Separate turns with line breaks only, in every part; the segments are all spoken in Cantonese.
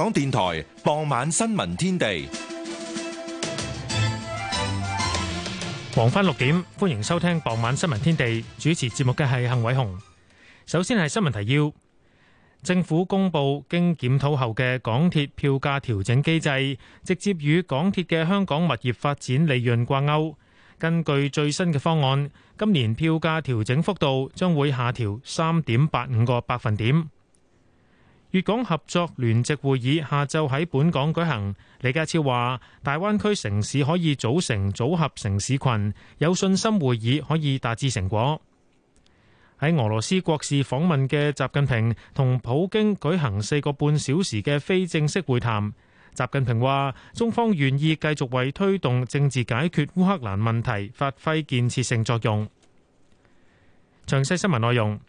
港電台傍晚新聞天地，黃昏六點，
歡迎收聽傍晚新聞天地。主持節目嘅係幸偉雄。首先係新聞提要：政府公布經檢討後嘅港鐵票價調整機制，直接與港鐵嘅香港物業發展利潤掛鈎。根據最新嘅方案，今年票價調整幅度將會下調三點八五個百分點。粵港合作聯席會議下晝喺本港舉行，李家超話大灣區城市可以組成組合城市群，有信心會議可以達至成果。喺俄羅斯國事訪問嘅習近平同普京舉行四個半小時嘅非正式會談，習近平話中方願意繼續為推動政治解決烏克蘭問題發揮建設性作用。詳細新聞內容。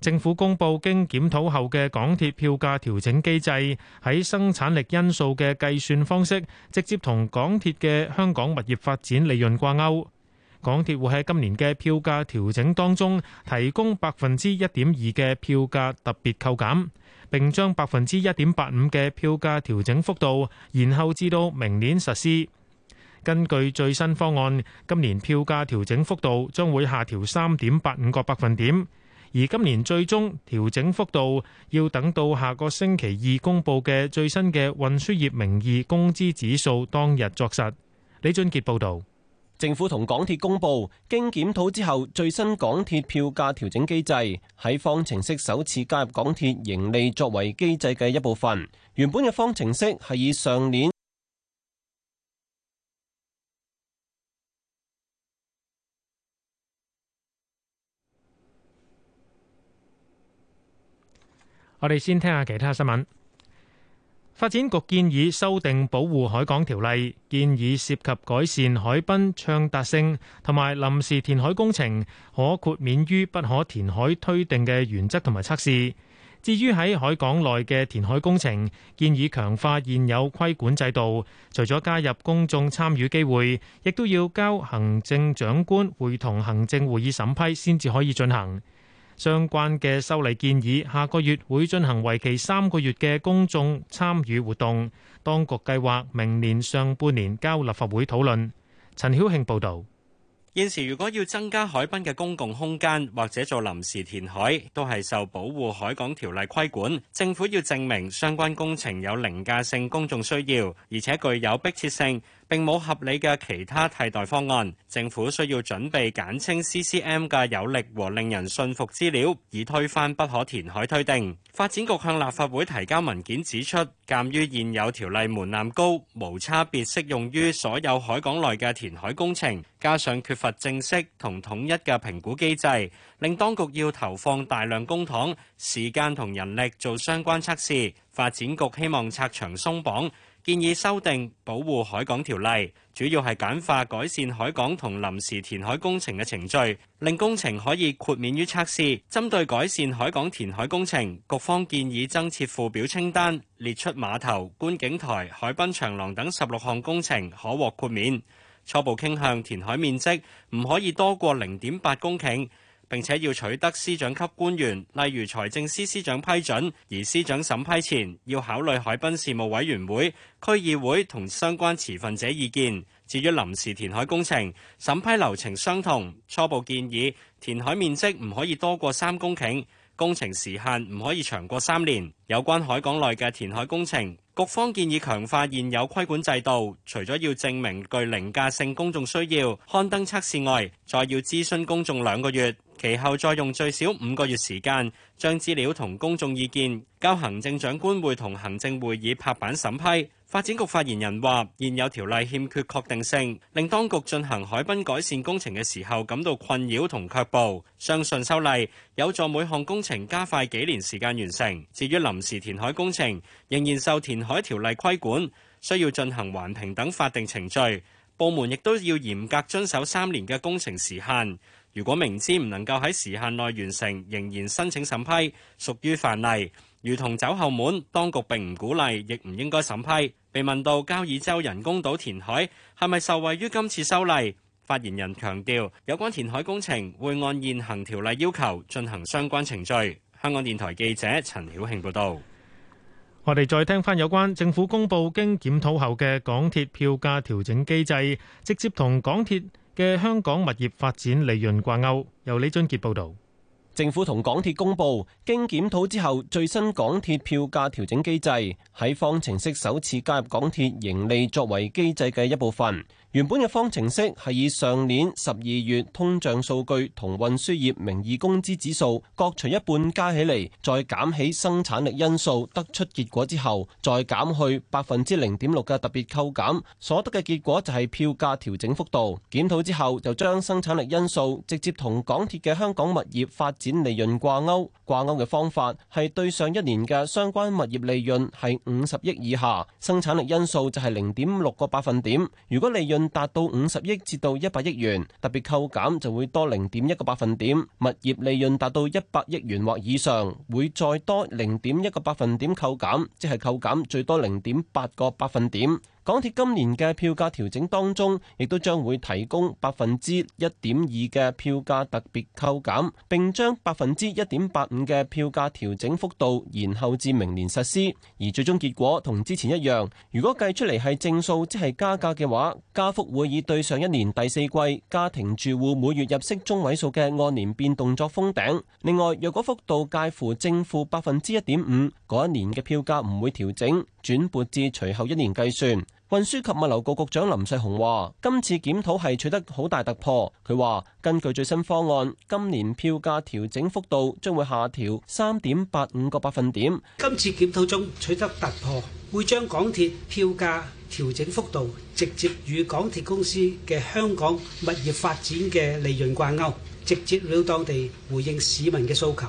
政府公布經檢討後嘅港鐵票價調整機制，喺生產力因素嘅計算方式，直接同港鐵嘅香港物業發展利潤掛鈎，港鐵會喺今年嘅票價調整當中，提供百分之一點二嘅票價特別扣減，並將百分之一點八五嘅票價調整幅度，延後至到明年實施。根據最新方案，今年票價調整幅度將會下調三點八五個百分點。而今年最終調整幅度要等到下個星期二公佈嘅最新嘅運輸業名義
工資指數當日作實。李俊傑報導，政府同港鐵公佈，經檢討之後，最新港鐵票價調整機制喺方程式首次加入港鐵盈利作為機制嘅一部分。原本嘅方程式係以上年。
我哋先聽下其他新聞。發展局建議修訂保護海港條例，建議涉及改善海濱暢達性同埋臨時填海工程，可豁免於不可填海推定嘅原則同埋測試。至於喺海港內嘅填海工程，建議強化現有規管制度，除咗加入公眾參與機會，亦都要交行政長官會同行政會議審批先至可以進行。相關嘅修例建議，下個月會進行為期三個月嘅公眾參與活動。當局計劃明年上半年交立法會討論。陳曉慶報導。
現時如果要增加海濱嘅公共空間，或者做臨時填海，都係受保護海港條例規管。政府要證明相關工程有凌駕性、公眾需要，而且具有迫切性。並冇合理嘅其他替代方案，政府需要準備簡稱 CCM 嘅有力和令人信服資料，以推翻不可填海推定。發展局向立法會提交文件指出，鑑於現有條例門檻高，無差別適用於所有海港內嘅填海工程，加上缺乏正式同統一嘅評估機制，令當局要投放大量公帑、時間同人力做相關測試。發展局希望拆牆鬆綁。建議修訂保護海港條例，主要係簡化改善海港同臨時填海工程嘅程序，令工程可以豁免於測試。針對改善海港填海工程，局方建議增設附表清單，列出碼頭、觀景台、海濱長廊等十六項工程可獲豁免。初步傾向填海面積唔可以多過零點八公頃。並且要取得司長級官員，例如財政司司長批准；而司長審批前，要考慮海濱事務委員會、區議會同相關持份者意見。至於臨時填海工程審批流程相同，初步建議填海面積唔可以多過三公頃，工程時限唔可以長過三年。有關海港內嘅填海工程，局方建議強化現有規管制度，除咗要證明具凌駕性公眾需要、刊登測試外，再要諮詢公眾兩個月。其後再用最少五個月時間，將資料同公眾意見交行政長官會同行政會議拍板審批。發展局發言人話：現有條例欠缺確定性，令當局進行海濱改善工程嘅時候感到困擾同卻步。相信修例有助每項工程加快幾年時間完成。至於臨時填海工程，仍然受填海條例規管，需要進行環評等法定程序。部門亦都要嚴格遵守三年嘅工程時限。如果明知唔能夠喺時限內完成，仍然申請審批，屬於犯例，如同走後門。當局並唔鼓勵，亦唔應該審批。被問到交椅洲人工島填海係咪受惠於今次修例，發言人強調，有關填海工程會按現行條例要求進行相關程序。香港電台記者陳曉慶報道。
我哋再聽返有關政府公布經檢討後嘅港鐵票價調整機制，直接同港鐵嘅香港物業發
展利潤掛鈎。由李俊杰報道，政府同港鐵公布，經檢討之後，最新港鐵票價調整機制，喺方程式首次加入港鐵盈利作為機制嘅一部分。原本嘅方程式係以上年十二月通脹數據同運輸業名義工資指數各除一半加起嚟，再減起生產力因素得出結果之後再，再減去百分之零點六嘅特別扣減所得嘅結果就係票價調整幅度。檢討之後就將生產力因素直接同港鐵嘅香港物業發展利潤掛鈎，掛鈎嘅方法係對上一年嘅相關物業利潤係五十億以下，生產力因素就係零點六個百分點，如果利潤。達到五十億至到一百億元，特別扣減就會多零點一個百分點；物業利潤達到一百億元或以上，會再多零點一個百分點扣減，即係扣減最多零點八個百分點。港鐵今年嘅票價調整當中，亦都將會提供百分之一點二嘅票價特別扣減，並將百分之一點八五嘅票價調整幅度延後至明年實施。而最終結果同之前一樣，如果計出嚟係正數，即係加價嘅話，加幅會以對上一年第四季家庭住戶每月入息中位數嘅按年變動作封頂。另外，若果幅度介乎正負百分之一點五，嗰一年嘅票價唔會調整，轉撥至隨後一年計算。運輸及物流局局長林世雄話，今次檢討係取得好大突破。佢話根據最新方案，今年票價調整幅度將會下調三點八五個百分點。今次檢討中取得突破，會將港鐵票價調整幅度直接與港鐵公司嘅香港物業發展嘅利潤掛鈎，直接了當地回應市民嘅訴求。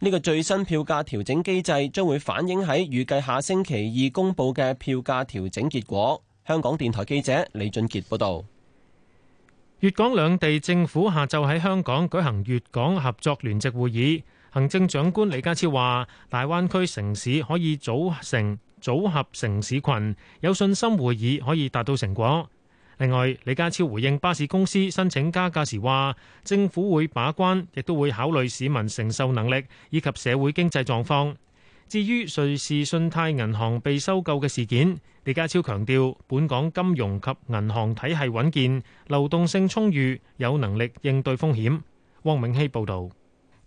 呢個最新票價調整機制將會反映喺預計下星期二公布嘅票價調整結果。香港電台記者李俊杰報道。粵港兩地政府下晝喺
香港舉行粵港合作聯席會議，行政長官李家超話：大灣區城市可以組成組合城市群，有信心會議可以達到成果。另外，李家超回應巴士公司申請加價時話，政府會把關，亦都會考慮市民承受能力以及社會經濟狀況。至於瑞士信貸銀行被收購嘅事件，李家超強調，本港金融及銀行體系穩健，流動性充裕，有能力應對風險。汪永熙報道。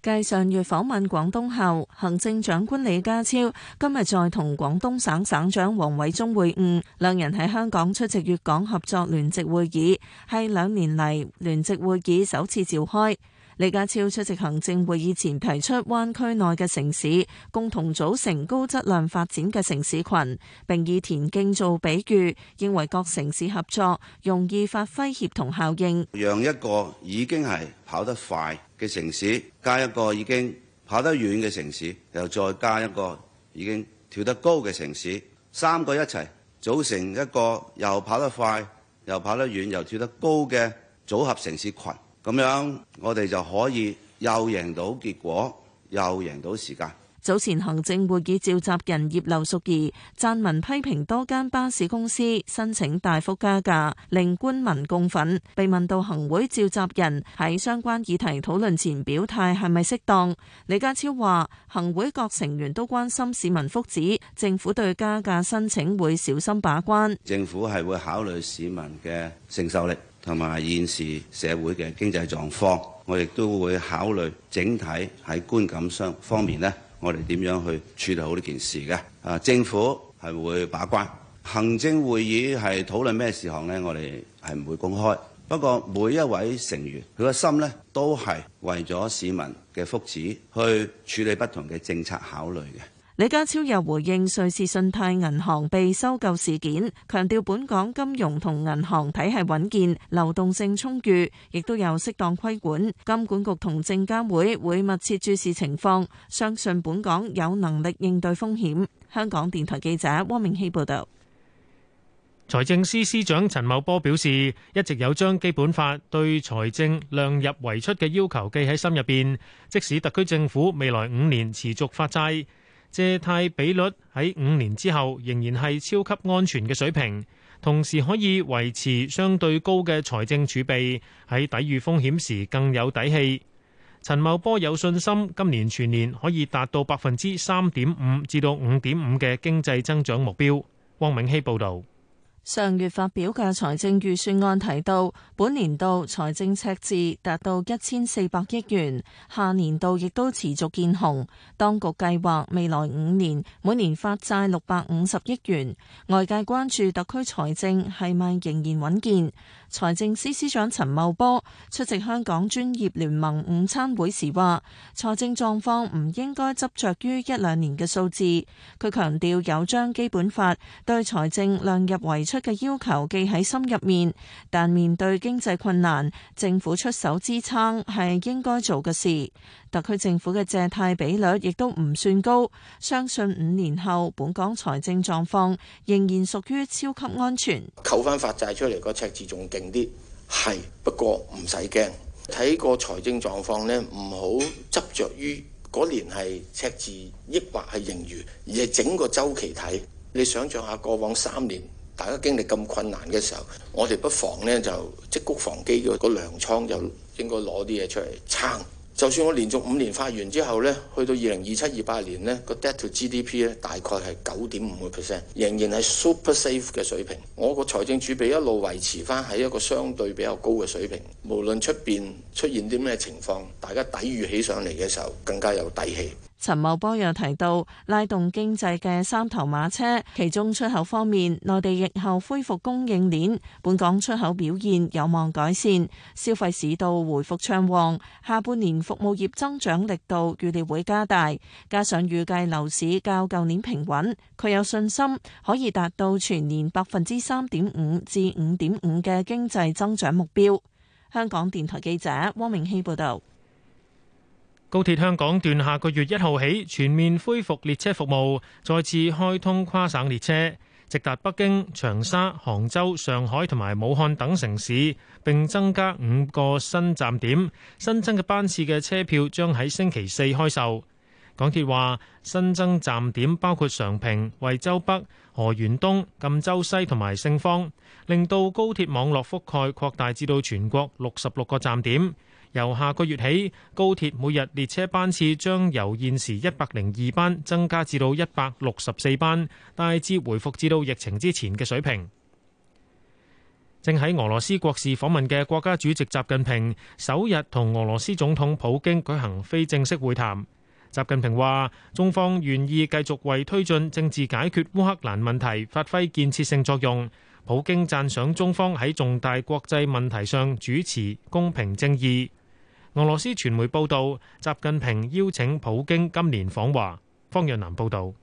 繼上月訪問廣東後，行政長官李家超今日再同廣東省，省省長王偉中會晤，兩人喺香港出席粵港合作聯席會議，係兩年嚟聯席會議首次召開。李家超出席行政會議前提出，灣區內嘅城市共同組成高質量發展嘅城市群，並以田徑做比喻，認為各城市合作容易發揮協同效應，
讓一個已經係跑得快嘅城市加一個已經跑得遠嘅城市，又再加一個已經跳得高嘅城市，三個一齊組成一個又跑得快又跑得遠又跳得高嘅組合城市群，咁樣我哋就可以又贏到結果又贏到時間。
早前行政會議召集人葉劉淑儀撰文批評多間巴士公司申請大幅加價，令官民共憤。被問到行會召集人喺相關議題討論前表態係咪適當，李家超話：行會各成員都關心市民福祉，政府對加價申請會小心把關。
政府係會考慮市民嘅承受力同埋現時社會嘅經濟狀況，我亦都會考慮整體喺觀感相方面咧。我哋點樣去處理好呢件事嘅？啊，政府係會把關，行政會議係討論咩事項咧？我哋係唔會公開。不過每一位成員，佢個心咧，都係為咗市民嘅福祉去處理不同嘅政策考慮嘅。
李家超又回應瑞士信貸銀行被收購事件，強調本港金融同銀行體系穩健，流動性充裕，亦都有適當規管。金管局同證監會會密切注視情況，相信本港有能力應對風險。香港電台記者汪明熙報道。
財政司司長陳茂波表示，一直有將基本法對財政量入為出嘅要求記喺心入邊，即使特區政府未來五年持續發債。借貸比率喺五年之後仍然係超級安全嘅水平，同時可以維持相對高嘅財政儲備，喺抵禦風險時更有底氣。陳茂波有信心今年全年可以達到百分之三點五至到五點五嘅經濟增長目標。汪永熙報導。
上月發表嘅財政預算案提到，本年度財政赤字達到一千四百億元，下年度亦都持續見紅。當局計劃未來五年每年發債六百五十億元，外界關注特區財政係咪仍然穩健？財政司司長陳茂波出席香港專業聯盟午餐會時話：財政狀況唔應該執着於一兩年嘅數字。佢強調有將基本法對財政量入為出嘅要求記喺心入面，但面對經濟困難，政府出手支撐係應該做嘅事。特區政府嘅借貸比率亦都唔算高，相信五年後本港財政狀況仍然屬於超級安全。
扣翻發債出嚟個赤字仲啲係，不過唔使驚，睇個財政狀況呢，唔好執着於嗰年係赤字，抑或係盈餘，而係整個周期睇。你想象下過往三年大家經歷咁困難嘅時候，我哋不妨呢，就積穀防饑嘅嗰糧倉就應該攞啲嘢出嚟撐。就算我連續五年發完之後呢，去到二零二七、二八年呢，個 debt to GDP 呢大概係九點五個 percent，仍然係 super safe 嘅水平。我個財政儲備一路維持翻喺一個相對比較高嘅水平，無論出邊出現啲咩情況，大家抵禦起上嚟嘅時候更加有底氣。
陳茂波又提到，拉動經濟嘅三頭馬車，其中出口方面，內地疫後恢復供應鏈，本港出口表現有望改善；消費市道回復暢旺，下半年服務業增長力度預料會加大。加上預計樓市較舊年平穩，佢有信心可以達到全年百分之三點五至五點五嘅經濟增長目標。香港電台記者汪明熙報道。
高鐵香港段下個月一號起全面恢復列車服務，再次開通跨省列車，直達北京、長沙、杭州、上海同埋武漢等城市，並增加五個新站點。新增嘅班次嘅車票將喺星期四開售。港鐵話新增站點包括常平、惠州北、河源東、贛州西同埋勝芳，令到高鐵網絡覆蓋擴大至到全國六十六個站點。由下個月起，高鐵每日列車班次將由現時一百零二班增加至到一百六十四班，大致回復至到疫情之前嘅水平。正喺俄羅斯國事訪問嘅國家主席習近平首日同俄羅斯總統普京舉行非正式會談。習近平話：中方願意繼續為推進政治解決烏克蘭問題發揮建設性作用。普京讚賞中方喺重大國際問題上主持公平正義。俄羅斯傳媒報導，習近平邀請普京今年訪華。方若南報
導。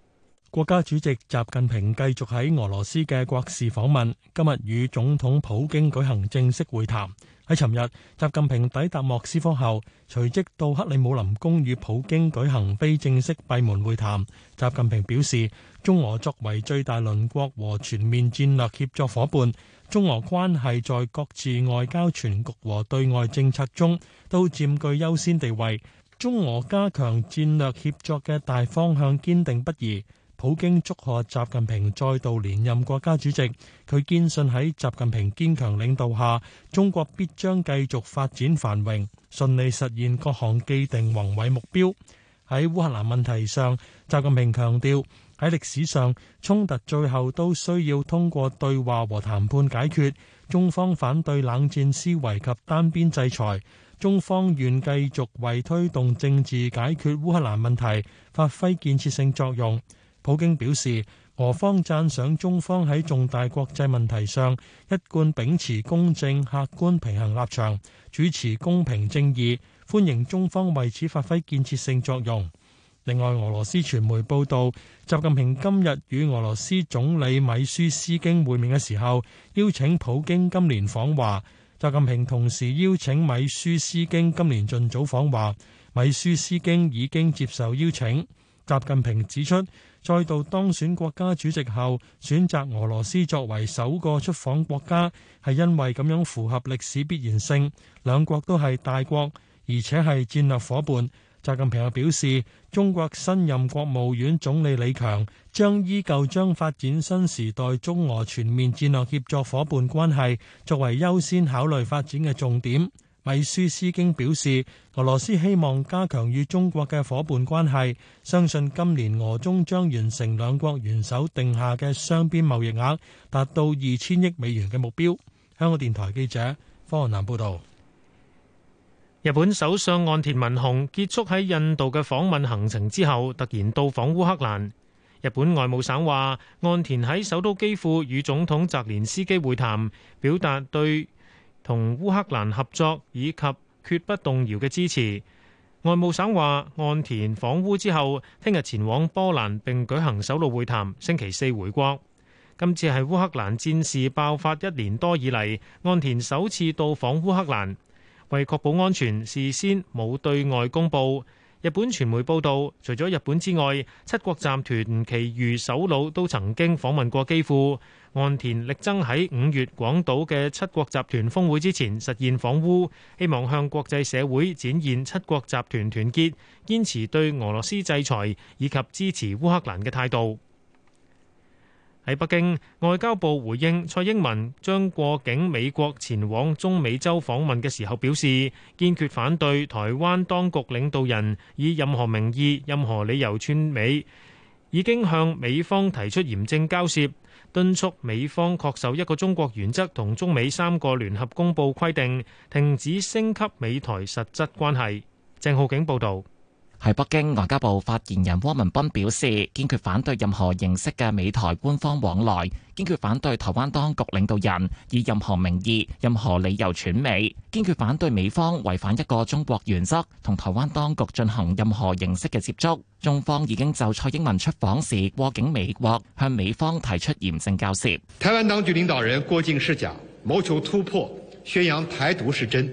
國家主席習近平繼續喺俄羅斯嘅國事訪問，今日與總統普京舉行正式會談。喺尋日，習近平抵達莫斯科後，隨即到克里姆林宮與普京舉行非正式閉門會談。習近平表示，中俄作為最大鄰國和全面戰略協作伙伴，中俄關係在各自外交全局和對外政策中都佔據優先地位。中俄加強戰略協作嘅大方向堅定不移。普京祝賀習近平再度連任國家主席，佢堅信喺習近平堅強領導下，中國必將繼續發展繁榮，順利實現各項既定宏偉目標。喺烏克蘭問題上，習近平強調喺歷史上衝突最後都需要通過對話和談判解決。中方反對冷戰思維及單邊制裁，中方願繼續為推動政治解決烏克蘭問題發揮建設性作用。普京表示，俄方讚賞中方喺重大國際問題上一貫秉持公正、客觀平衡立場，主持公平正義，歡迎中方為此發揮建設性作用。另外，俄羅斯傳媒報道，習近平今日與俄羅斯總理米舒斯京會面嘅時候，邀請普京今年訪華，習近平同時邀請米舒斯京今年盡早訪華，米舒斯京已經接受邀請，習近平指出。再度當選國家主席後，選擇俄羅斯作為首個出訪國家，係因為咁樣符合歷史必然性。兩國都係大國，而且係戰略伙伴。習近平又表示，中國新任國務院總理李強將依舊將發展新時代中俄全面戰略協作伙伴關係作為優先考慮發展嘅重點。米舒斯京表示，俄羅斯希望加強與中國嘅伙伴關係，相信今年俄中將完成兩國元首定下嘅雙邊貿易額達到二千億美元嘅目標。香港電台記者方雲南報道，日本
首相岸田文雄結束喺印度嘅訪問行程之後，突然到訪烏克蘭。日本外務省話，岸田喺首都基輔與總統澤連斯基會談，表達對同烏克蘭合作以及決不動搖嘅支持。外務省話，岸田訪烏之後，聽日前往波蘭並舉行首腦會談，星期四回國。今次係烏克蘭戰事爆發一年多以嚟，岸田首次到訪烏克蘭。為確保安全，事先冇對外公佈。日本傳媒報道，除咗日本之外，七國集團其餘首腦都曾經訪問過基輔。岸田力爭喺五月廣島嘅七國集團峰會之前實現訪烏，希望向國際社會展現七國集團團結，堅持對俄羅斯制裁以及支持烏克蘭嘅態度。喺北京，外交部回應蔡英文將過境美國前往中美洲訪問嘅時候，表示堅決反對台灣當局領導人以任何名義、任何理由串美，已經向美方提出嚴正交涉。敦促美方恪守一個中國原則同中美三個聯合公布規定，停止升級美台實質關
係，鄭浩景報道。喺北京外交部，發言人汪文斌表示，堅決反對任何形式嘅美台官方往來，堅決反對台灣當局領導人以任何名義、任何理由竄美，堅決反對美方違反一個中國原則同台灣當局進行任何形式嘅接觸，中方已經就蔡英文出訪時過境美國向美方提出嚴正交涉。
台灣當局領導人過境是假，謀求突破、宣揚台獨是真。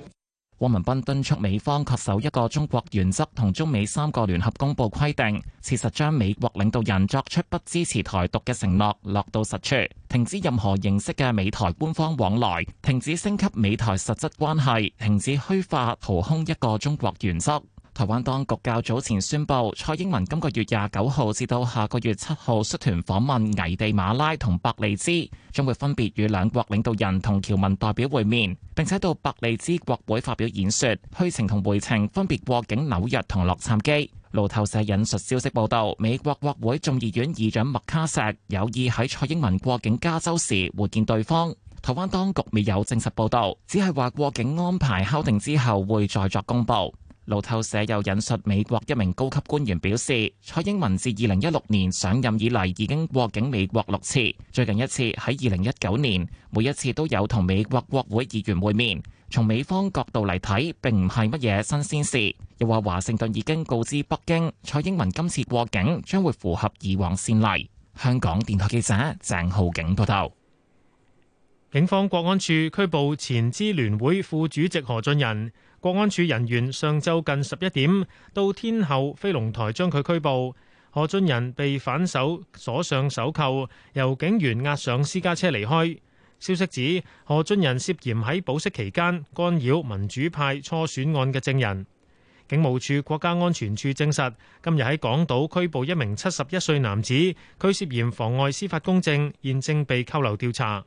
汪文斌敦促美方恪守一個中國原則同中美三個聯合公布規定，切實將美國領導人作出不支持台獨嘅承諾落到實處，停止任何形式嘅美台官方往來，停止升級美台實質關係，停止虛化掏空一個中國原則。台灣當局較早前宣布，蔡英文今個月廿九號至到下個月七號率團訪問危地馬拉同伯利茲，將會分別與兩國領導人同僑民代表會面，並且到伯利茲國會發表演說。去程同回程分別過境紐約同洛杉磯。路透社引述消息報道，美國國會眾議院議長麥卡錫有意喺蔡英文過境加州時會見對方。台灣當局未有證實報道，只係話過境安排敲定之後會再作公佈。路透社又引述美國一名高級官員表示，蔡英文自二零一六年上任以嚟已經過境美國六次，最近一次喺二零一九年，每一次都有同美國國會議員會面。從美方角度嚟睇，並唔係乜嘢新鮮事。又話華盛頓已經告知北京，蔡英文今次過境將會符合以往先例。香港電台記者鄭浩景報道。
警方國安處拘捕前支聯會副主席何俊仁。國安處人員上晝，近十一點到天后飛龍台將佢拘捕，何俊仁被反手鎖上手扣，由警員押上私家車離開。消息指何俊仁涉嫌喺保釋期間干擾民主派初選案嘅證人。警務處國家安全處證實，今日喺港島拘捕一名七十一歲男子，佢涉嫌妨礙司法公正，現正被扣留調查。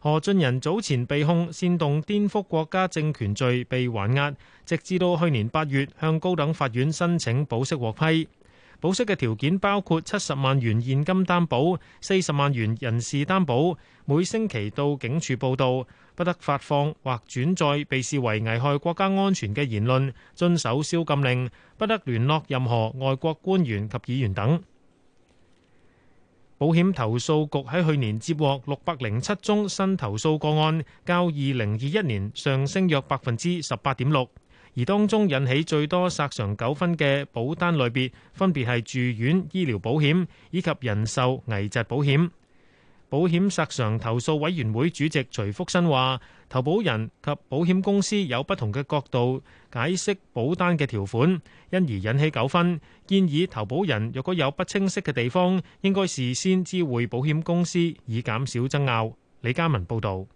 何俊仁早前被控煽動顛覆國家政權罪被還押，直至到去年八月向高等法院申請保釋獲批。保釋嘅條件包括七十萬元現金擔保、四十萬元人事擔保，每星期到警署報到，不得發放或轉載被視為危害國家安全嘅言論，遵守宵禁令，不得聯絡任何外國官員及議員等。保險投訴局喺去年接獲六百零七宗新投訴個案，較二零二一年上升約百分之十八點六，而當中引起最多索償糾紛嘅保單類別分別係住院醫療保險以及人壽危疾保險。保險索償投訴委員會主席徐福新話：投保人及保險公司有不同嘅角度解釋保單嘅條款，因而引起糾紛。建議投保人若果有不清晰嘅地方，應該事先知會保險公司，以減少爭拗。李嘉文報道，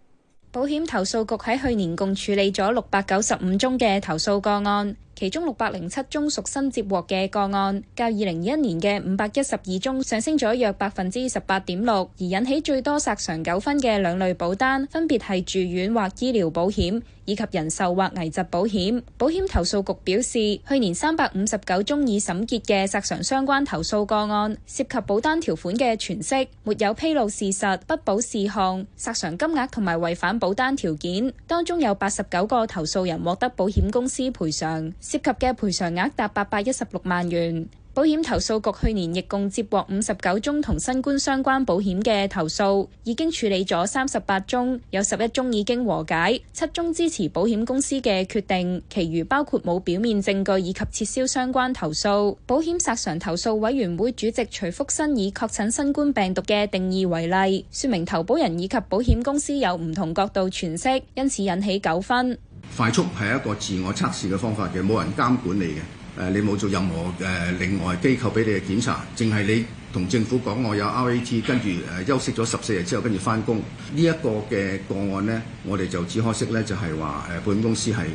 保險投訴局喺去年共處理咗六百九十五宗嘅投訴個案。其中六百零七宗屬新接獲嘅個案，較二零二一年嘅五百一十二宗上升咗約百分之十八點六。而引起最多索償糾紛嘅兩類保單，分別係住院或醫療保險以及人壽或危疾保險。保險投訴局表示，去年三百五十九宗已審結嘅索償相關投訴個案，涉及保單條款嘅詮釋、沒有披露事實、不保事項、索償金額同埋違反保單條件，當中有八十九個投訴人獲得保險公司賠償。涉及嘅賠償額達八百一十六萬元。保險投訴局去年亦共接獲五十九宗同新冠相關保險嘅投訴，已經處理咗三十八宗，有十一宗已經和解，七宗支持保險公司嘅決定，其餘包括冇表面證據以及撤銷相關投訴。保險索償投訴委員會主席徐福新以確診新冠病毒嘅定義為例，說明投保人以及保險公司有唔同角度詮釋，因此引起糾紛。
快速係一個自我測試嘅方法嘅，冇人監管你嘅，誒，你冇做任何誒，另外機構俾你嘅檢查，淨係你同政府講我有 RAT，跟住休息咗十四日之後，跟住翻工。呢一個嘅個案呢，我哋就只可惜呢就係話保險公司係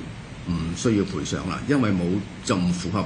唔需要賠償啦，因為冇就唔符合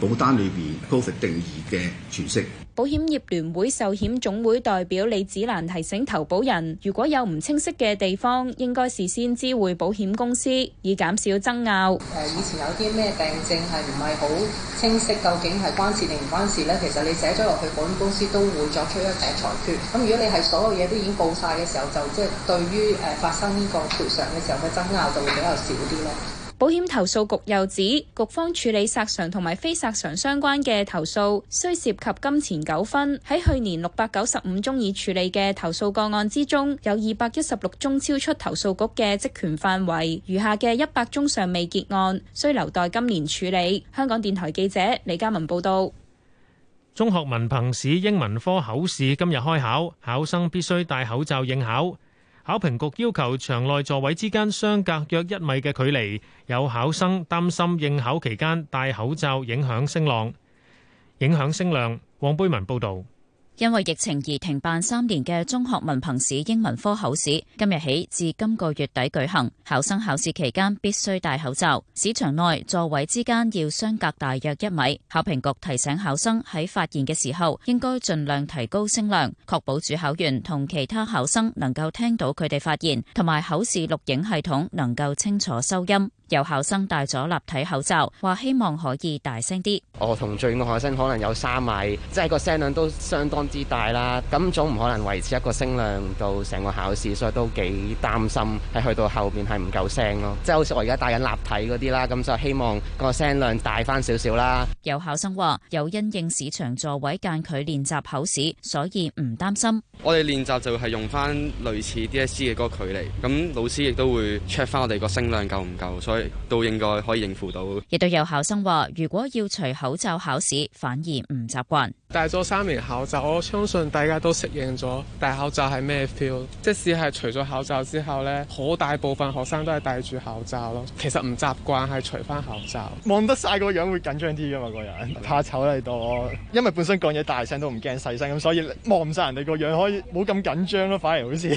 保單裏面 COVID 定義嘅詮釋。
保險業聯會壽險總會代表李子蘭提醒投保人，如果有唔清晰嘅地方，應該事先知會保險公司，以減少爭拗。誒，以前有啲咩病症係唔係好清晰，究竟係關事定唔關事咧？其實你寫咗落去，
保險公司都會作出一啲裁決。咁如果你係所有嘢都已經報晒嘅時候，就即係對
於誒發生呢個賠償嘅時候嘅爭拗就會比較少啲咯。保險投訴局又指，局方處理賠償同埋非賠償相關嘅投訴，需涉及金錢糾紛。喺去年六百九十五宗已處理嘅投訴個案之中，有二百一十六宗超出投訴局嘅職權範圍，餘下嘅一百宗尚未結案，需留待今年處理。香港電台記者李嘉文報道。
中學文憑試英文科考試今日開考，考生必須戴口罩應考。考評局要求場內座位之間相隔約一米嘅距離，有考生擔心應考期間戴口罩影響聲浪，影響聲量。黃貝文報道。
因為疫情而停辦三年嘅中學文憑試英文科考試，今日起至今個月底舉行。考生考試期間必須戴口罩，考場內座位之間要相隔大約一米。考評局提醒考生喺發言嘅時候，應該盡量提高聲量，確保主考員同其他考生能夠聽到佢哋發言，同埋考試錄影系統能夠清楚收音。有考生戴咗立體口罩，話希望可以大聲啲。
我同最外生可能有三米，即係個聲量都相當之大啦。咁總唔可能維持一個聲量到成個考試，所以都幾擔心係去到後面係唔夠聲咯。即係好似我而家戴緊立體嗰啲啦，咁就希望個聲量大翻少少啦。
有考生話有因應市場座位間距練習考試，所以唔擔心。
我哋練習就係用翻類似 DSE 嘅嗰個距離，咁老師亦都會 check 翻我哋個聲量夠唔夠，所以。都應該可以應付到。
亦都有考生話，如果要除口罩考試，反而唔習慣。戴咗三
年口罩，我相信大家都適應咗戴口罩係咩 feel。即使係除咗口罩之後咧，好大部分學生都係戴住口罩咯。其實唔習慣係除翻口
罩，望得晒個樣會緊張啲噶嘛，個人怕醜嚟到。因為本身講嘢大聲都唔
驚細聲，咁所以望唔晒人哋個樣可以冇咁緊張咯，反而好似。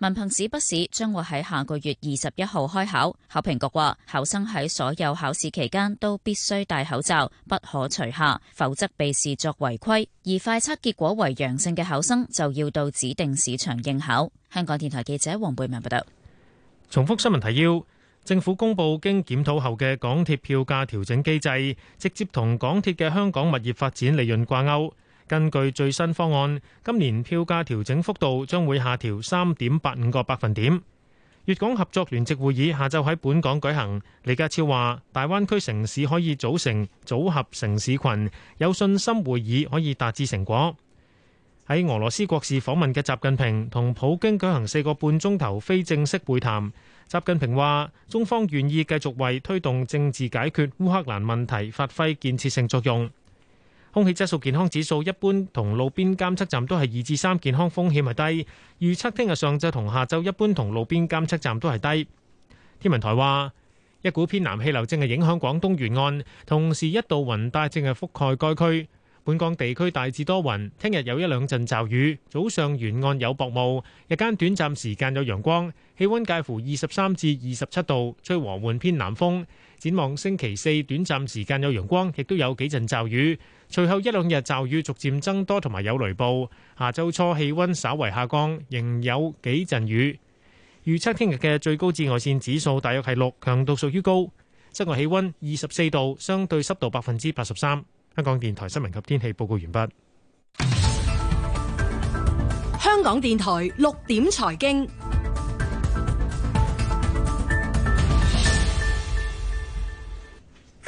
文憑試筆試將會喺下個月二十一號開考，考評局話，考生喺所有考試期間都必須戴口罩，不可除下，否則被視作違規。而快測結果為陽性嘅考生就要到指定市場應考。香港電台記者黃貝文報道。
重複新聞提要：政府公布經檢討後嘅港鐵票價調整機制，直接同港鐵嘅香港物業發展利潤掛鈎。根據最新方案，今年票價調整幅度將會下調三點八五個百分點。粵港合作聯席會議下晝喺本港舉行，李家超話：大灣區城市可以組成組合城市群，有信心會議可以達至成果。喺俄羅斯國事訪問嘅習近平同普京舉行四個半鐘頭非正式會談。習近平話：中方願意繼續為推動政治解決烏克蘭問題發揮建設性作用。空氣質素健康指數一般，同路邊監測站都係二至三，健康風險係低。預測聽日上晝同下晝一般，同路邊監測站都係低。天文台話，一股偏南氣流正係影響廣東沿岸，同時一道雲帶正係覆蓋該區。本港地區大致多雲，聽日有一兩陣驟雨。早上沿岸有薄霧，日間短暫時間有陽光，氣温介乎二十三至二十七度，吹和緩偏南風。展望星期四，短暫時間有陽光，亦都有幾陣驟雨。隨後一兩日驟雨逐漸增多同埋有雷暴，下周初氣溫稍為下降，仍有幾陣雨。預測聽日嘅最高紫外線指數大約係六，強度屬於高。室外氣溫二十四度，相對濕度百分之八十三。香港電台新聞及天氣報告完畢。
香港電台六點財經。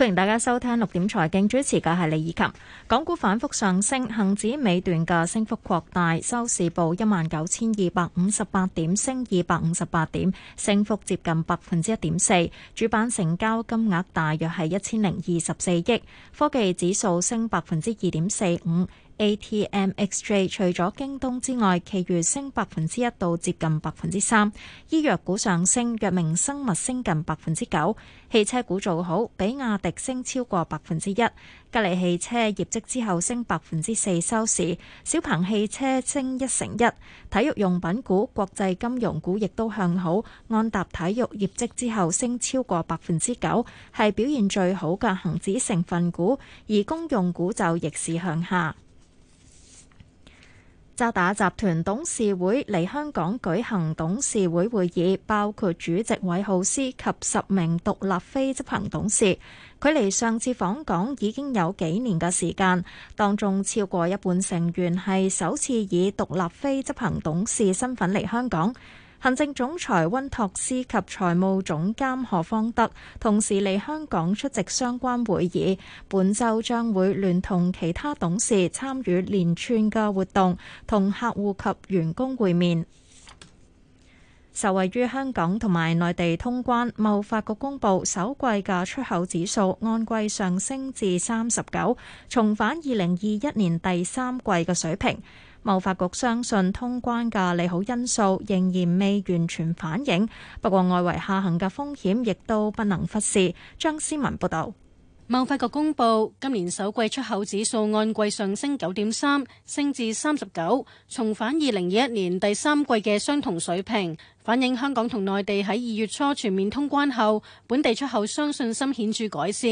歡迎大家收聽六點財經，主持嘅係李以琴。港股反復上升，恒指尾段嘅升幅擴大，收市報一萬九千二百五十八點，升二百五十八點，升幅接近百分之一點四。主板成交金額大約係一千零二十四億。科技指數升百分之二點四五。ATM XJ 除咗京東之外，其餘升百分之一到接近百分之三。醫藥股上升，藥明生物升近百分之九。汽車股做好，比亞迪升超過百分之一。吉利汽車業績之後升百分之四收市。小鵬汽車升一成一。體育用品股、國際金融股亦都向好，安踏體育業績之後升超過百分之九，係表現最好嘅恒指成分股。而公用股就逆市向下。渣打集團董事會嚟香港舉行董事會會議，包括主席韋浩斯及十名獨立非執行董事。距離上次訪港已經有幾年嘅時間，當中超過一半成員係首次以獨立非執行董事身份嚟香港。行政總裁溫托斯及財務總監何方德同時嚟香港出席相關會議，本周將會聯同其他董事參與連串嘅活動，同客戶及員工會面。受惠於香港同埋內地通關，貿發局公布首季嘅出口指數按季上升至三十九，重返二零二一年第三季嘅水平。貿發局相信通關嘅利好因素仍然未完全反映，不過外圍下行嘅風險亦都不能忽視。張思文報道，貿發局公布今年
首季出口指數按季上升九點三，升至三十九，重返二零二一年第三季嘅相同水平，反映香港同內地喺二月初全面通關後，本地出口商信心顯著改善。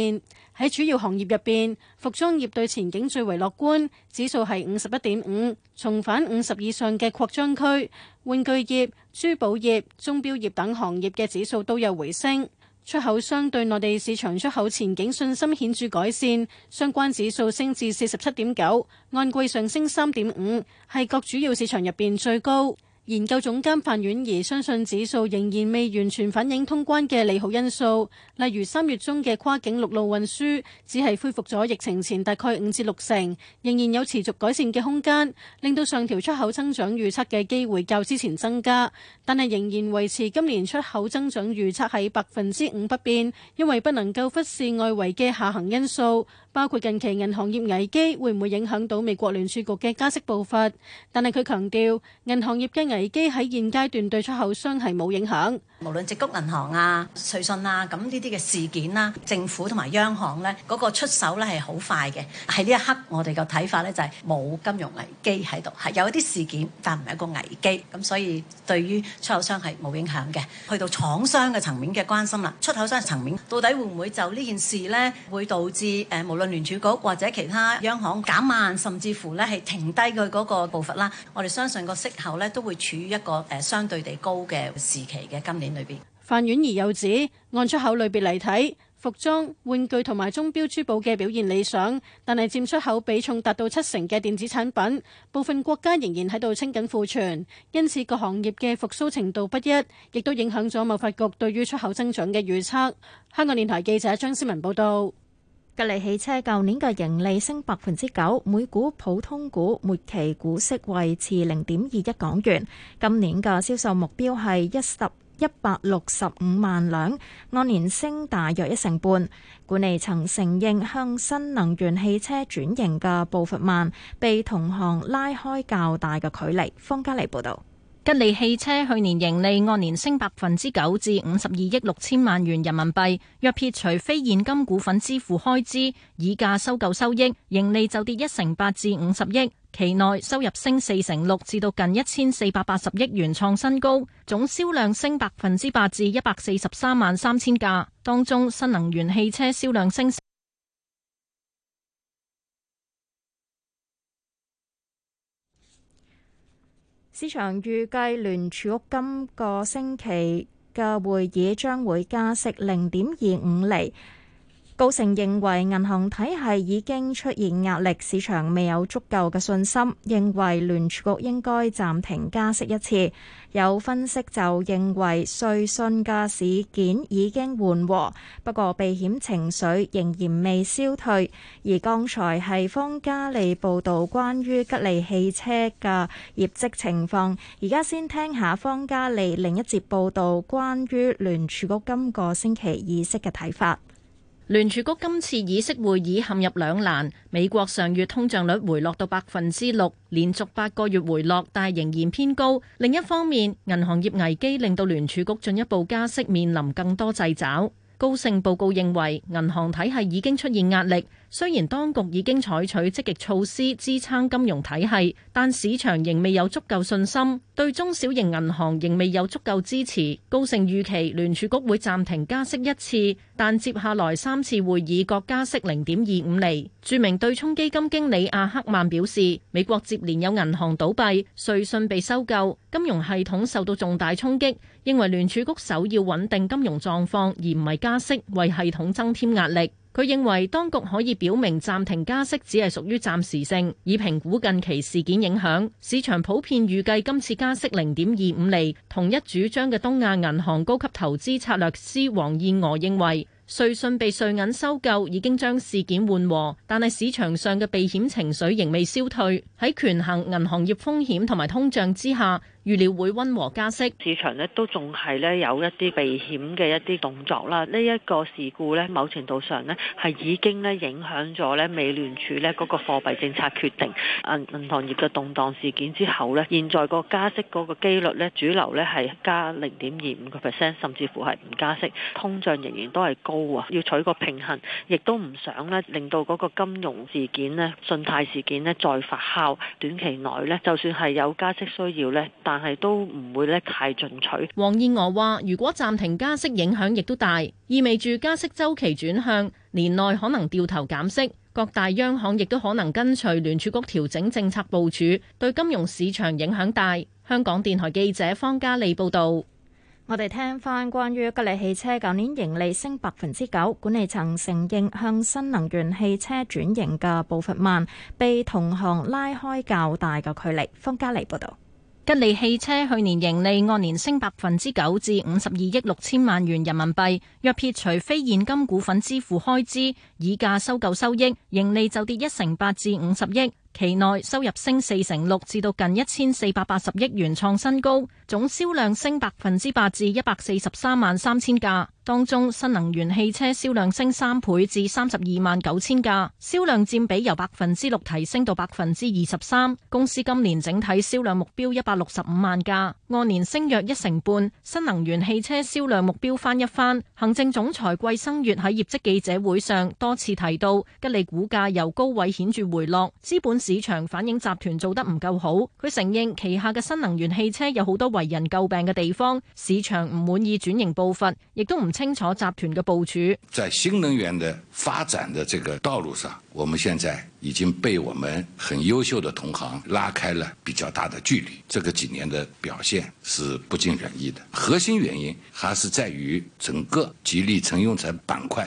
喺主要行業入邊，服裝業對前景最為樂觀，指數係五十一點五，重返五十以上嘅擴張區。玩具業、珠寶業、鐘錶業等行業嘅指數都有回升。出口商對內地市場出口前景信心顯著改善，相關指數升至四十七點九，按季上升三點五，係各主要市場入邊最高。研究總監范婉儀相信指數仍然未完全反映通關嘅利好因素，例如三月中嘅跨境陸路運輸只係恢復咗疫情前大概五至六成，仍然有持續改善嘅空間，令到上調出口增長預測嘅機會較之前增加。但係仍然維持今年出口增長預測喺百分之五不變，因為不能夠忽視外圍嘅下行因素。包括近期銀行業危機會唔會影響到美國聯儲局嘅加息步伐？但係佢強調，銀行業嘅危機喺現階段對出口商係冇影響。無論矽谷銀行啊、瑞信啊，咁呢啲嘅事件啦、啊，政府同埋央行咧嗰、那個出手咧係好快
嘅。喺呢一刻，我哋個睇法咧就係冇金融危機喺度，係有一啲事件，但唔係一個危機。咁所以對於出口商係冇影響嘅。去到廠商嘅層面嘅關心啦，出口商嘅層面到底會唔會就呢件事咧，會導致誒、呃、無論聯儲局或者其他央行減慢，甚至乎咧係停低佢嗰個步伐啦？我哋相信個息口咧都會處於一個誒、呃、相對地高嘅時期嘅今年。
范婉兒又指，按出口類別嚟睇，服裝、玩具同埋鐘錶珠寶嘅表現理想，但係佔出口比重達到七成嘅電子產品，部分國家仍然喺度清緊庫存，因此各行業嘅復甦程度不一，亦都影響咗貿發局對於出口增
長嘅預測。香港電台記者張思文報導。吉利汽車舊年嘅盈利升百分之九，每股普通股末期股息維持零點二一港元。今年嘅銷售目標係一十，一百六十五萬輛，按年升大約一成半。管理層承認向新能源汽車轉型嘅步伐慢，被同行拉開較大嘅距離。方家莉報導。吉利汽車去年盈利按年升百分之九至五十二億六
千萬元人民幣，若撇除非現金股份支付開支、以價收購收益，盈利就跌一成八至五十億。期內收入升四成六，至到近一千四百八十億元創新高，總銷量升百分之八至一百四十三萬三千架，當中新能源汽車銷量升。
市場預計聯儲局今個星期嘅會議將會加息零點二五厘。高盛認為銀行體系已經出現壓力，市場未有足夠嘅信心，認為聯儲局應該暫停加息一次。有分析就認為瑞信嘅事件已經緩和，不過避險情緒仍然未消退。而剛才係方嘉利報道關於吉利汽車嘅業績情況，而家先聽下方嘉利另一節報道關於聯儲局今個星期議息嘅睇法。聯儲局今次議息會議陷入兩難，
美國上月通脹率回落到百分之六，連續八個月回落，但係仍然偏高。另一方面，銀行業危機令到聯儲局進一步加息，面臨更多掣肘。高盛報告認為，銀行體系已經出現壓力。雖然當局已經採取積極措施支撐金融體系，但市場仍未有足夠信心，對中小型銀行仍未有足夠支持。高盛預期聯儲局會暫停加息一次，但接下來三次會議各加息零點二五厘。著名對沖基金經理阿克曼表示，美國接連有銀行倒閉，瑞信被收購，金融系統受到重大衝擊，認為聯儲局首要穩定金融狀況，而唔係加息為系統增添壓力。佢認為當局可以表明暫停加息只係屬於暫時性，以評估近期事件影響。市場普遍預計今次加息零點二五厘。同一主張嘅東亞銀行高級投資策略師黃燕娥認為，瑞信被瑞銀收購已經將事件緩和，但係市場上嘅避險情緒仍未消退。喺權衡銀行業風險同埋通脹之
下，預料會温和加息，市場咧都仲係咧有一啲避險嘅一啲動作啦。呢、這、一個事故咧，某程度上咧係已經咧影響咗咧美聯儲咧嗰個貨幣政策決定。銀銀行業嘅動盪事件之後咧，現在個加息嗰個機率咧，主流咧係加零點二五個 percent，甚至乎係唔加息。通脹仍然都係高啊，要取個平衡，亦都唔想咧令到嗰個金融事件咧、信貸事件咧再發酵。短期內咧，就算係有加息需要咧，但但係都唔會咧太進取。黃燕娥話，如果暫停加息
影響亦都大，意味住加息周期轉向，年內可能掉頭減息。各大央行亦都可能跟隨聯儲局調整政策部署，對金融市場影響大。
香港電台記者方嘉利報道。我哋聽翻關於吉利汽車，舊年盈利升百分之九，管理層承認向新能源汽車轉型嘅步伐慢，被同行拉開較大嘅距離。方嘉利報道。
吉利汽車去年盈利按年升百分之九，至五十二億六千萬元人民幣。若撇除非現金股份支付開支、以價收購收益，盈利就跌一成八至五十億。期內收入升四成六，至到近一千四百八十億元，創新高。總銷量升百分之八至一百四十三萬三千架，當中新能源汽車銷量升三倍至三十二萬九千架，銷量佔比由百分之六提升到百分之二十三。公司今年整體銷量目標一百六十五萬架，按年升約一成半，新能源汽車銷量目標翻一番。行政總裁桂生悅喺業績記者會上多次提到，吉利股價由高位顯著回落，資本市場反映集團做得唔夠好。佢承認旗下嘅新能源汽車有好多為人詬病嘅地方，市場唔滿意轉型步伐，亦都唔清楚集團嘅部署。
在新能源的發展的這個道路上，我們現在已經被我們很優秀的同行拉開了比較大的距離。這個幾年的表現是不盡人意的，核心原因還是在於整個吉利乘用車板塊。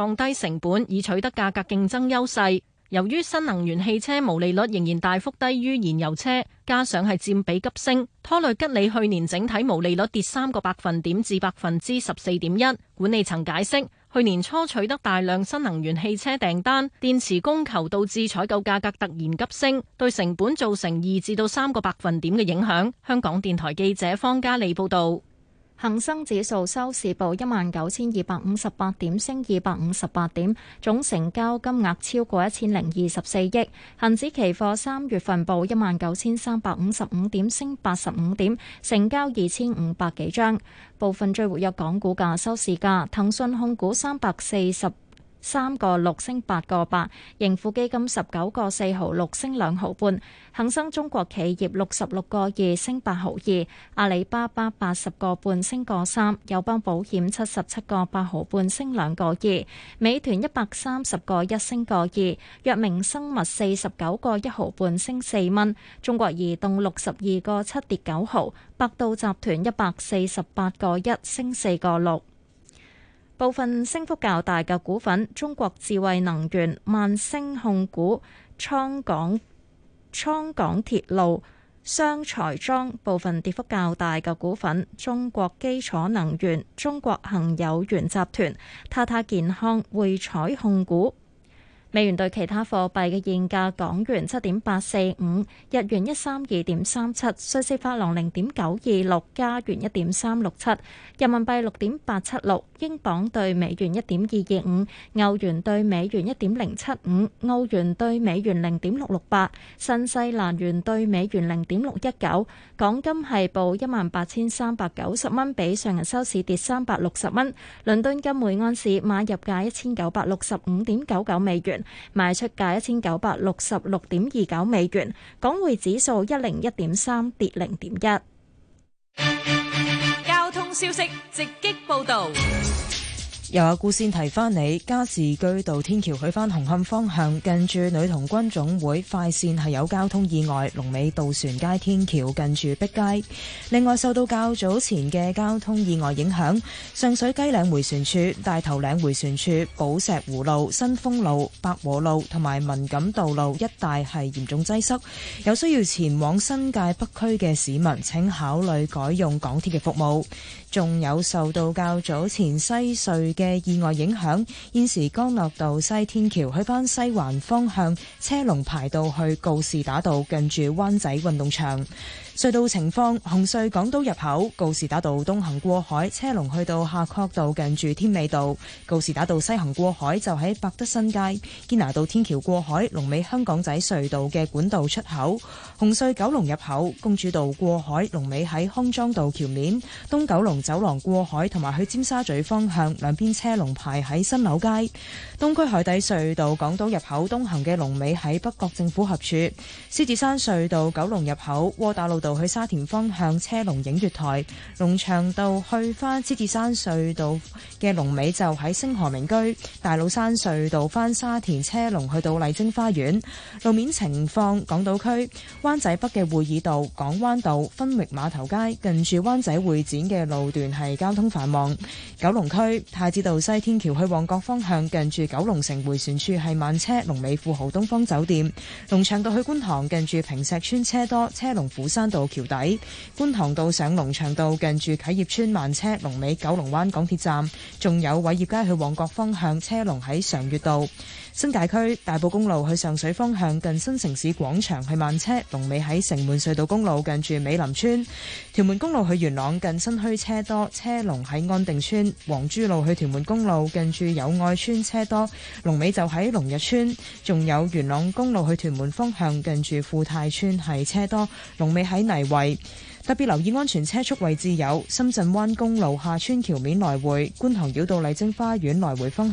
降低成本以取得價格競爭優勢。由於新能源汽車毛利率仍然大幅低於燃油車，加上係佔比急升，拖累吉利去年整體毛利率跌三個百分點至百分之十四點一。管理層解釋，去年初取得大量新能源汽車訂單，電池供求導致採購價格突然急升，對成本造成二至到三個百分點嘅影響。香港電台記者方
嘉莉報道。恒生指數收市報一萬九千二百五十八點，升二百五十八點，總成交金額超過一千零二十四億。恒指期貨三月份報一萬九千三百五十五點，升八十五點，成交二千五百幾張。部分最活躍港股價收市價，騰訊控股三百四十。三個六升八個八，盈富基金十九個四毫六升兩毫半，恒生中國企業六十六個二升八毫二，阿里巴巴八十個半升個三，友邦保險七十七個八毫半升兩個二，美團一百三十個一升個二，藥明生物四十九個一毫半升四蚊，中國移動六十二個七跌九毫，百度集團一百四十八個一升四個六。部分升幅較大嘅股份：中國智慧能源、萬星控股、滄港滄港鐵路、雙財莊；部分跌幅較大嘅股份：中國基礎能源、中國恒有源集團、塔塔健康、匯彩控股。美元對其他貨幣嘅現價：港元七點八四五，日元一三二點三七，瑞士法郎零點九二六，加元一點三六七，人民幣六點八七六，英鎊對美元一點二二五，歐元對美元一點零七五，澳元對美元零點六六八，新西蘭元對美元零點六一九。港金係報一萬八千三百九十蚊，比上日收市跌三百六十蚊。倫敦金每安士買入價一千九百六十五點九九美元。賣出價一千九百六十六點二九美元，港匯指數一零一點三，跌零點一。
交通消息直擊報道。
又話顧線提翻你，加士居道天橋去返紅磡方向，近住女童軍總會快線係有交通意外。龍尾渡船街天橋近住碧街。另外受到較早前嘅交通意外影響，上水雞嶺迴旋處、大頭嶺迴旋處、寶石湖路、新豐路、百和路同埋文錦道路一帶係嚴重擠塞。有需要前往新界北區嘅市民請考慮改用港鐵嘅服務。仲有受到較早前西隧。嘅意外影響，現時江樂道西天橋去返西環方向，車龍排到去告士打道，近住灣仔運動場。隧道情況：紅隧港島入口告士打道東行過海，車龍去到夏愨道近住天美道；告士打道西行過海就喺百德新街堅拿道天橋過海，龍尾香港仔隧道嘅管道出口。紅隧九龍入口公主道過海，龍尾喺康莊道橋面；東九龍走廊過海同埋去尖沙咀方向兩邊車龍排喺新樓街。東區海底隧道港島入口東行嘅龍尾喺北角政府合署。獅子山隧道九龍入口窩打老道。去沙田方向車龍映月台，農場芝芝龍翔道去返獅子山隧道嘅龍尾就喺星河名居；大老山隧道返沙田車龍去到麗晶花園。路面情況：港島區灣仔北嘅會議道、港灣道、分域碼頭街近住灣仔會展嘅路段係交通繁忙；九龍區太子道西天橋去旺角方向近住九龍城回旋處係慢車，龍尾富豪東方酒店；龍翔道去觀塘近住坪石邨車多，車龍虎山道。到橋底，觀塘道上龍翔道近住啟業邨慢車，龍尾九龍灣港鐵站，仲有偉業街去旺角方向車龍喺常悅道。新界區大埔公路去上水方向近新城市廣場係慢車，龍尾喺城門隧道公路近住美林村；屯門公路去元朗近新墟車多，車龍喺安定村；黃珠路去屯門公路近住友愛村車多，龍尾就喺龍日村。仲有元朗公路去屯門方向近住富泰村係車多，龍尾喺泥圍。特別留意安全車速位置有深圳灣公路下村橋面來回、觀塘繞道麗晶花園來回方。